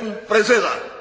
În prezeda.